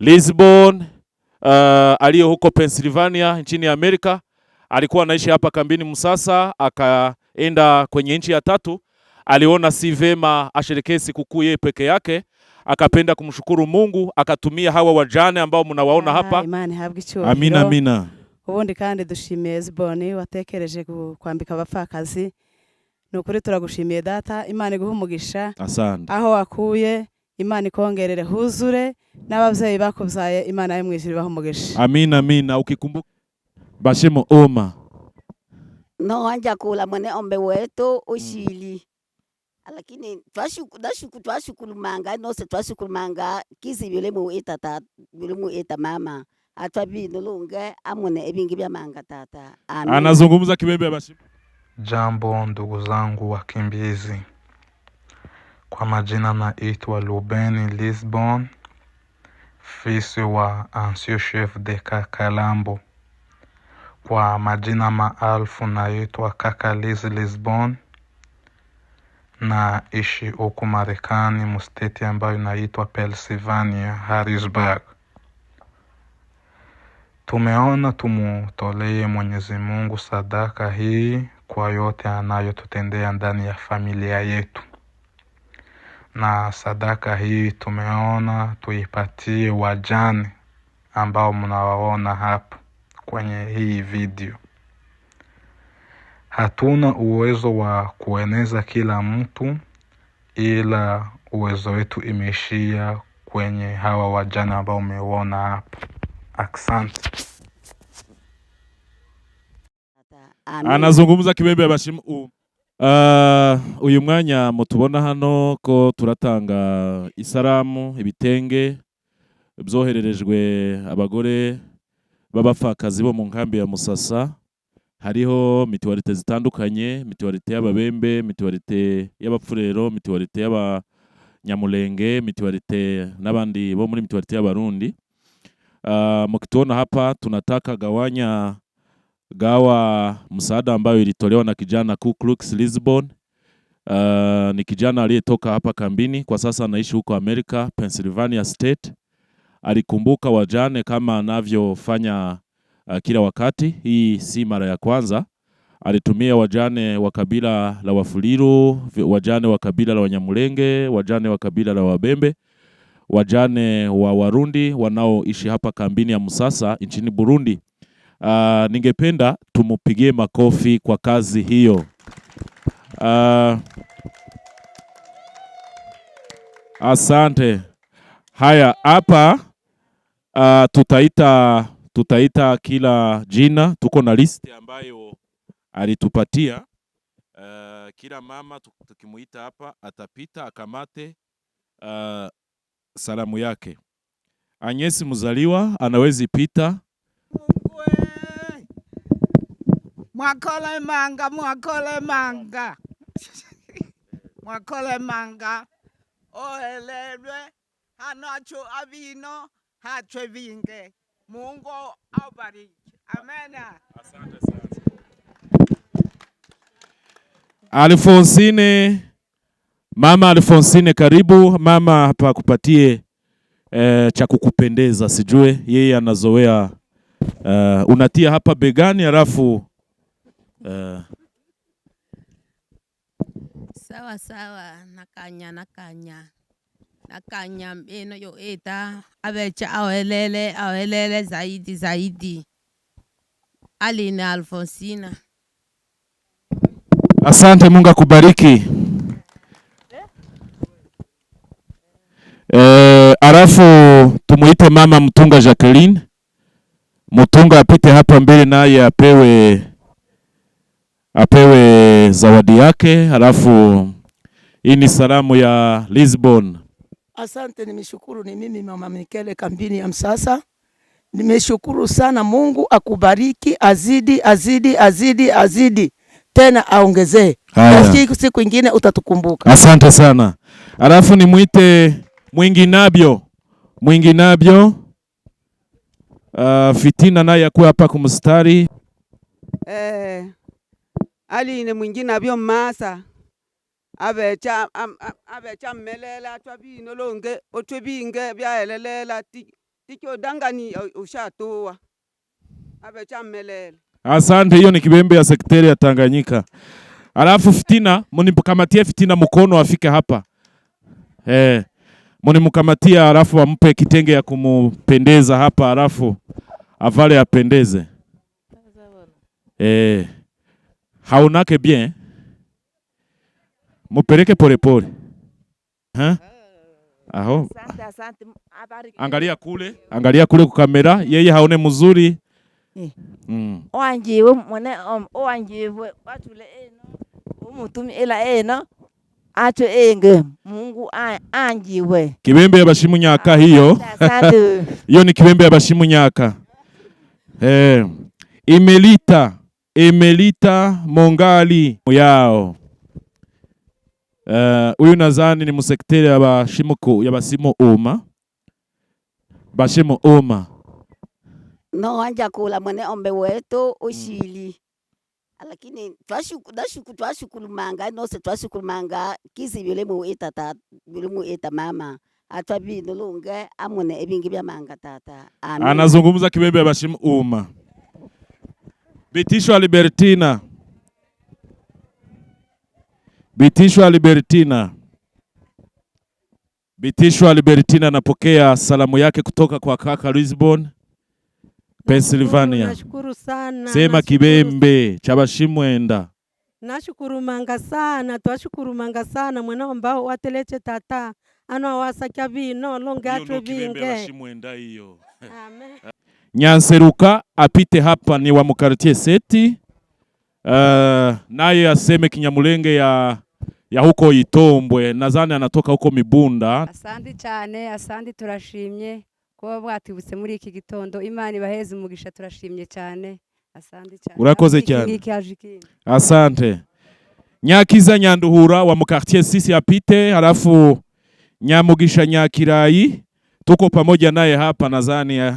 Lisbon, uh, aliyo huko Pennsylvania nchini Amerika. Alikuwa anaishi hapa kambini Musasa, akaenda kwenye nchi ya tatu. Aliona si vema asherekee sikukuu yeye peke yake, akapenda kumshukuru Mungu, akatumia hawa wajane ambao mnawaona hapa. Ah, amina, amina. ubundi kandi dushimiye Lisbon watekereje kwambika abapfakazi nukuri turagushimiye data Imana iguhe umugisha aho wakuye imana ikongerere huzure n'ababyeyi bakubyaye imana yo mu ijuru ibaha umugisha amina amina ukikumbuka bashimo oma no anja kula mwene ombe wetu ushili lakini twashuku twashukuru twashukulumanga nose manga kizi bile mu muita ta bile mu muita mama atwa bino lunge amune ebingi bya manga tata amina anazungumza kibembe bashimo jambo ndugu zangu wakimbizi kwa majina naitwa Lubeni Lisbon, fisi wa ansio Chef de Kakalambo. Kwa majina maalfu naitwa kaka Liz Lisbon, naishi huku Marekani, musteti ambayo inaitwa Pennsylvania, Harrisburg. Tumeona tumutolee Mwenyezi Mungu sadaka hii kwa yote anayotutendea ndani ya familia yetu na sadaka hii tumeona tuipatie wajane ambao mnawaona hapa kwenye hii video. Hatuna uwezo wa kueneza kila mtu, ila uwezo wetu imeishia kwenye hawa wajane ambao umeuona hapa. Asante. Anazungumza kibebe ya bashimu Uh, uyu mwanya mutubona hano ko turatanga isaramu ibitenge byohererejwe abagore b'abapfakazi bo mu nkambi ya musasa hariho mituwarite zitandukanye mituwarite y'ababembe mituwarite y'abapfurero mituwarite y'abanyamurenge mituwarite n'abandi bo muri mituwarite y'abarundi uh, mukitubona hapa tunataka gawanya gawa msaada ambayo ilitolewa na kijana Ku Klux Lisbon. Uh, ni kijana aliyetoka hapa kambini, kwa sasa anaishi huko Amerika, Pennsylvania State. Alikumbuka wajane kama anavyofanya uh, kila wakati. Hii si mara ya kwanza. Alitumia wajane wa kabila la Wafuliru, wajane wa kabila la Wanyamulenge, wajane wa kabila la Wabembe, wajane wa Warundi wanaoishi hapa kambini ya Musasa nchini Burundi Uh, ningependa tumupigie makofi kwa kazi hiyo. Uh, asante. Haya, hapa uh, tutaita tutaita kila jina, tuko na list ambayo alitupatia. Uh, kila mama tukimuita hapa atapita akamate uh, salamu yake. Anyesi Muzaliwa anawezi pita. Mwakole manga, mwakole manga, mwakole manga ohelelwe hanacho avino hachwe vinge. Mungu awabariki. Amena. Asante sana. Alfonsine, mama Alfonsine, karibu mama hapa akupatie e, cha kukupendeza. Sijue yeye anazoea e, unatia hapa begani halafu sawa sawa nakanya nakanya nakanya mbeno yo eta abeche awelele awelele zaidi zaidi Aline Alfonsina. Asante, Mungu akubariki. Eh, arafu tumuite mama Mtunga Jacqueline Mtunga apite hapa mbele naye apewe apewe zawadi yake. Halafu hii ni salamu ya Lisbon. Asante, nimeshukuru. Ni mimi mama Mikele kambini ya Msasa. Nimeshukuru sana, Mungu akubariki, azidi azidi azidi azidi tena aongezee. Basi siku ingine utatukumbuka. Asante sana. Alafu nimwite mwinginabyo mwinginabyo, uh, fitina naye akuwe hapa kumstari eh aline mwingine byo masa abecha am, am, abecha melela atwa bino longe otwe binge byaelelela tikyo dangani ushatoa abecha melela Asante, hiyo ni kibembe ya sekretari ya Tanganyika. Alafu fitina munimkamatie fitina mkono afike hapa eh, munimkamatia alafu ampe kitenge ya kumupendeza hapa, alafu avale apendeze eh haunake bien, mupeleke polepole. Aho, angalia kule, angalia kule kukamera, yeye haone mzuri eh. mm. owanjiwe enge Mungu anjiwe kibembe ya bashimu nyaka hiyo hiyo ni kibembe ya bashimu nyaka eh, imelita Emelita Mongali yao eh, huyu uh, nazani ni musekreteri ya basimo oma bashimo oma no anja kula mwene ombe wetu ushili mm. lakini twashuku dashuku twashukulumanga nose twashukulumanga kizi bile mu eta tata bile mu eta mama atabindu ah, lunge amune ebingi bya manga tata Amen. anazungumza kibembe yabashimo uma Bitishwa Libertina, Bitishwa Libertina, Bitishwa Libertina anapokea salamu yake kutoka kwa kaka Lisbon, Pennsylvania. Nashukuru sana. Sema kibembe cha Nashukuru manga sana manga sana mwana ambao wateleche tata ano vino longa tu vinge. Amen. Nyanseruka apite hapa ni wa mukartie seti uh, naye aseme Kinyamulenge ya, ya huko Itombwe, nadhani anatoka huko Mibunda. Asandi chane, asandi turashimye kuba mwatibutse muri iki gitondo, Imana ibaheze umugisha, turashimye cyane, Asandi cyane. Urakoze cyane, asante. Nyakiza Nyanduhura wa mukartie sisi apite, halafu Nyamugisha Nyakirai tuko pamoja naye hapa nadhani eh,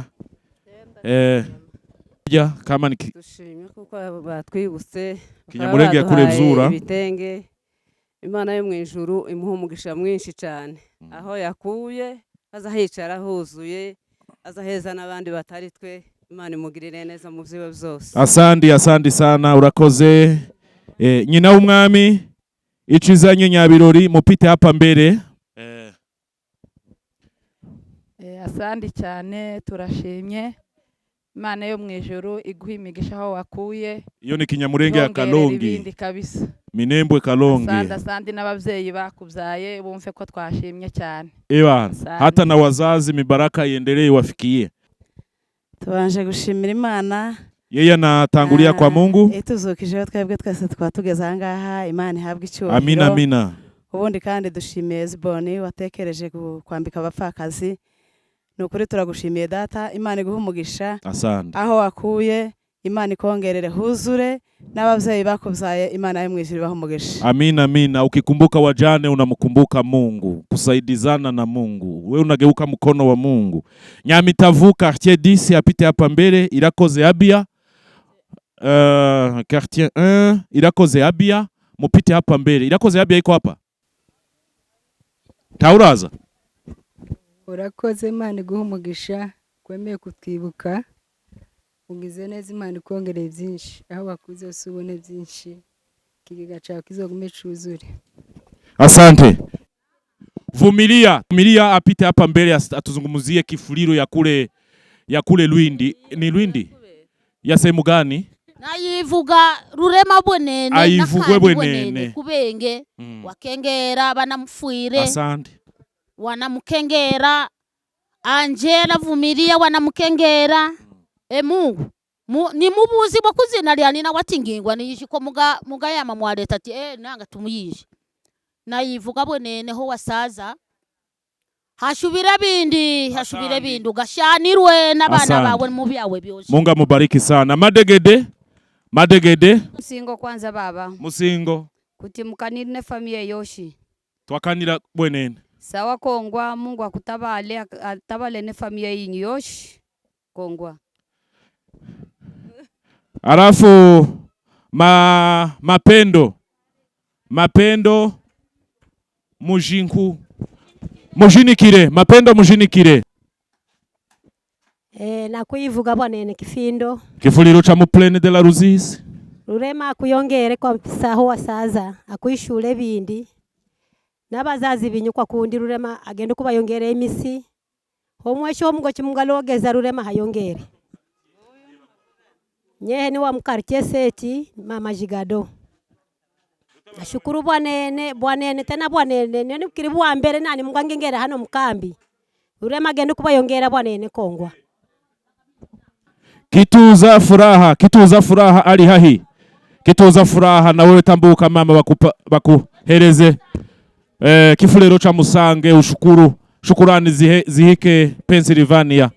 dushimye eh, kuko batwibutse baduhaye ibitenge imana yo mu ijuru imuha umugisha mwinshi cyane mm. aho yakuye azahicara huzuye azaheza n'abandi batari twe imana imugirire neza mu byiwe byose asandi asandi sana urakoze eh, nyina w'umwami icizanye nyabirori mupite hapa mbere eh, asandi cyane turashimye Imana yo mu ijoro iguha imigisha aho wakuye iyo ni kinyamurenge ya kalongi kabisa minembwe kalongi sandi n'ababyeyi bakubyaye bumve ko twashimye cyane hata na wazazi mibaraka yendereye wafikiye tubanje gushimira imana yeye anatangulia kwa ah, mungu ituzukijeho twebwe twese tukaba tugeze imana ihabwe icyubahiro amina amina ubundi kandi dushimiye ziboni watekereje kwambika abapfakazi nukuri turagushimiye data imana iguha umugisha asante aho wakuye imana ikongerere huzure n'ababyeyi bakubyaye imana yo mu ijuru ibaha umugisha amina amina ukikumbuka wajane unamkumbuka mungu kusaidizana na mungu we unageuka mkono wa mungu nyamitavu quartier 10 apite hapa mbele irakoze abia euh, quartier uh, quartier 1 irakoze abia mupite hapa mbele irakoze abia iko hapa tauraza urakoze imana iguha umugisha wemeye kutwibuka ugize neza imana ikongereye byinshi aho bakuze hose ubone byinshi ikigega cyawe kizogume cyuzure asante vumilia vumilia apite hapa mbele atuzungumzie kifuliro ya kule ya kule Lwindi ni Lwindi ya sehemu gani nayivuga rurema bwenene ayivugwe bwenene kubenge mm. wakengera banamfuire asante wanamukengera anje navumilia wanamukengera mm. emu mu, ni mubuzi bwo kuzina lyani na watingingwa nawatingingwa niyishiko muga, muga mugayama mwaleta ti eh nanga na tumuyishe bonene ho wasaza hashubira bindi hashubira bindi ugashanirwe n'abana bawe mu byawe byose munga mubariki sana madegede madegede musingo kwanza baba musingo kuti mukanirine famiye yoshi twakanira bwenene sawa kongwa Mungu akutabale atabale ne familia yinyu yoshi kongwa alafu ma, mapendo mapendo mujinku mujinikire mapendo mujinikire e, eh, nakwivuga bwanene kifindo kifuliro cha muplene de la Ruzizi rurema akuyongere kwa saho wasaza akuishule bindi n'abazazi binyu kwa kundi rurema agende kubayongera emisi mugo kimugalo ogeza rurema hayongere nyehe ni wa wamkartie seti mama jigado nashukuru bwanene bwanene tena bwanene nyo ni kiribu wa mbere nani mungangengera hano mukambi rurema agende kuba yongera bwanene kongwa kituza furaha kituza furaha ali hahi kituza furaha na wewe tambuka mama bakupa, bakuhereze eh, kifo rero cha musange ushukuru shukurani zihe, zihike Pennsylvania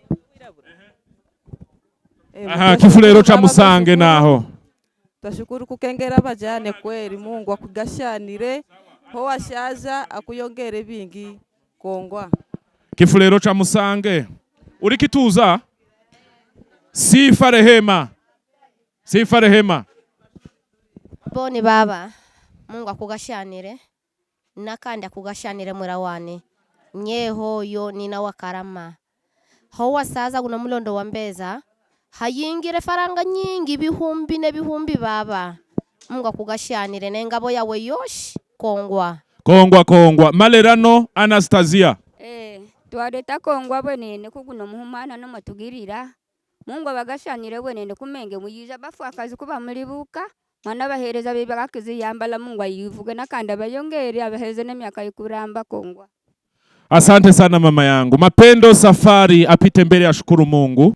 eh, aha kifo rero cha musange naho tashukuru kukengera bajane kweli Mungu akugashanire ho washaza akuyongere bingi kongwa kifo rero cha musange uri kituza sifa rehema sifa rehema boni baba Mungu akugashanire na kandi akugashyanire murawane nye hoyo nina wakarama ho saza kuna mulondo wa mbeza hayingire faranga nyingi bihumbi ne bihumbi baba mungu akugashyanire nengabo yawe yoshi kongwa kongwa kongwa malerano anastasia eh twareta kongwa bwenene kuguno muhumana matugirira mungu abagashyanire bwenene kumenge muyiza bafu akazi kuba mulibuka Mwana abahereza bibi akakiziyambala Mungu ayivuge nakandi abayongere abaheze n'emyaka yikuramba kongwa. Asante sana mama yangu Mapendo Safari apite mbele ashukuru Mungu.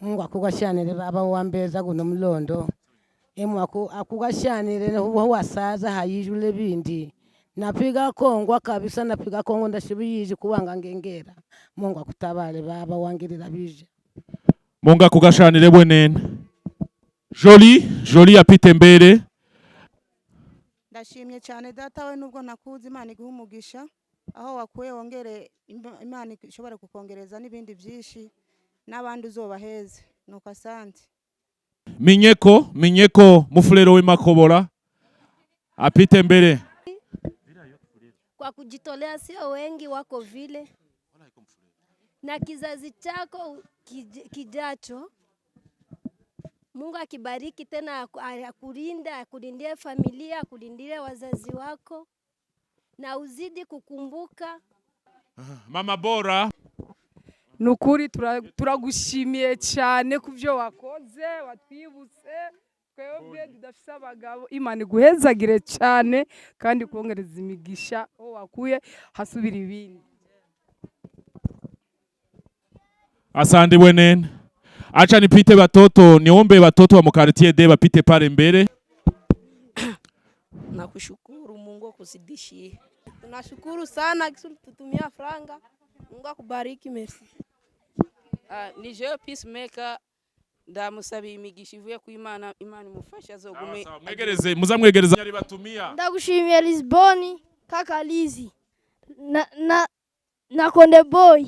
Mungu akugashyanire baba wambeza guno mlondo emu akugashyanire huwa wasaza hayijule bindi napiga kongwa kabisa napiga kongwa ndashibiyije kubanga ngengera Mungu akutabale baba wangirira bije Mungu akugashyanire bwenene Jolie Jolie apite mbere ndashimye cyane data we nubwo nakuzi imana iguha umugisha aho wakuye wongere imana ishobora kukongereza n'ibindi byinshi n'abandi uzobaheze nuko asante minyeko minyeko mufulero makobora apite mbele kwa kujitolea, sio wengi wako vile, na kizazi chako kij, kijacho Mungu akibariki tena, akulinda, akulindie familia, akulindie wazazi wako na uzidi kukumbuka mama bora. Nukuri turagushimiye tura cyane kubyo wakoze, watwibutse twebwe tudafite abagabo. Imana iguhezagire cyane kandi kongereza imigisha aho wakuye hasubira ibindi. Asante bwenene. Acha nipite watoto, niombe watoto wa mkartie de wapite pale mbele. Nakushukuru Mungu akuzidishie. Tunashukuru sana Kisumu tutumia franga. Mungu akubariki, merci. Ah, ni je peacemaker ndamusabiye imigisha ivuye ku Imana, Imana imufasha gume. Mwegereze, muzamwegereza yari batumia. Ndagushimiye Lisboni, kaka Lizi. Na na na Konde Boy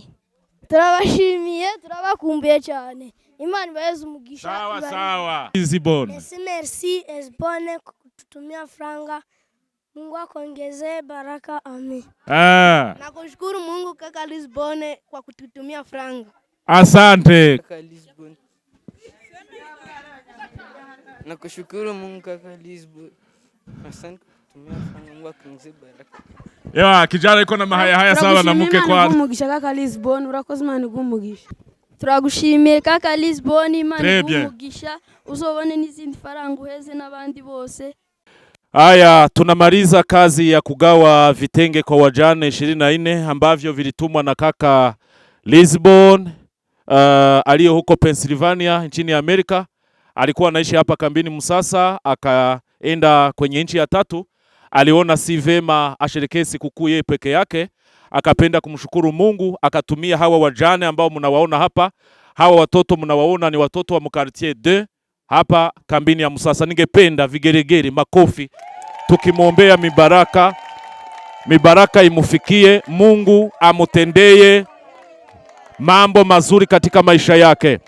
turabashimiye turabakumbuye cyane imana ibahereza umugisha sawa sawa izi bon merci merci esbone kututumia franga Mungu akongeze baraka ame Ah. Na Mungu kaka Lisbone kwa kututumia franga. Asante. Kaka Lisbone. Na Mungu kaka Lisbone. Asante yewa kijana iko na mahaya haya sawa na mke kwa umugisha kaka Lisbon urakoze imana igumugisha turagushimiye kaka Lisbon imana igumugisha uzobone n'izindi faranga uheze n'abandi bose Aya, tunamaliza kazi ya kugawa vitenge kwa wajane ishirini na nne ambavyo vilitumwa na kaka Lisbon uh, aliyo huko Pennsylvania nchini Amerika. Alikuwa anaishi hapa kambini Musasa, akaenda kwenye nchi ya tatu aliona si vema asherekee sikukuu yeye peke yake, akapenda kumshukuru Mungu, akatumia hawa wajane ambao mnawaona hapa. Hawa watoto mnawaona ni watoto wa mkartie de hapa kambini ya Musasa. Ningependa vigeregere, makofi, tukimwombea mibaraka, mibaraka imufikie, Mungu amutendeye mambo mazuri katika maisha yake.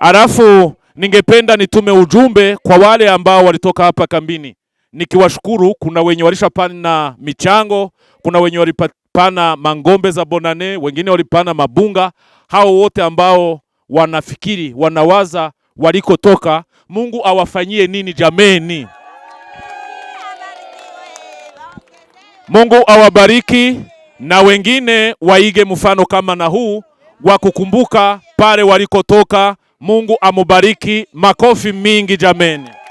Alafu ningependa nitume ujumbe kwa wale ambao walitoka hapa kambini nikiwashukuru. Kuna wenye walishapana michango, kuna wenye walipana mangombe za bonane, wengine walipana mabunga. Hao wote ambao wanafikiri wanawaza walikotoka, Mungu awafanyie nini jameni. Mungu awabariki na wengine waige mfano kama na huu wa kukumbuka pale walikotoka. Mungu amubariki, makofi mingi jameni.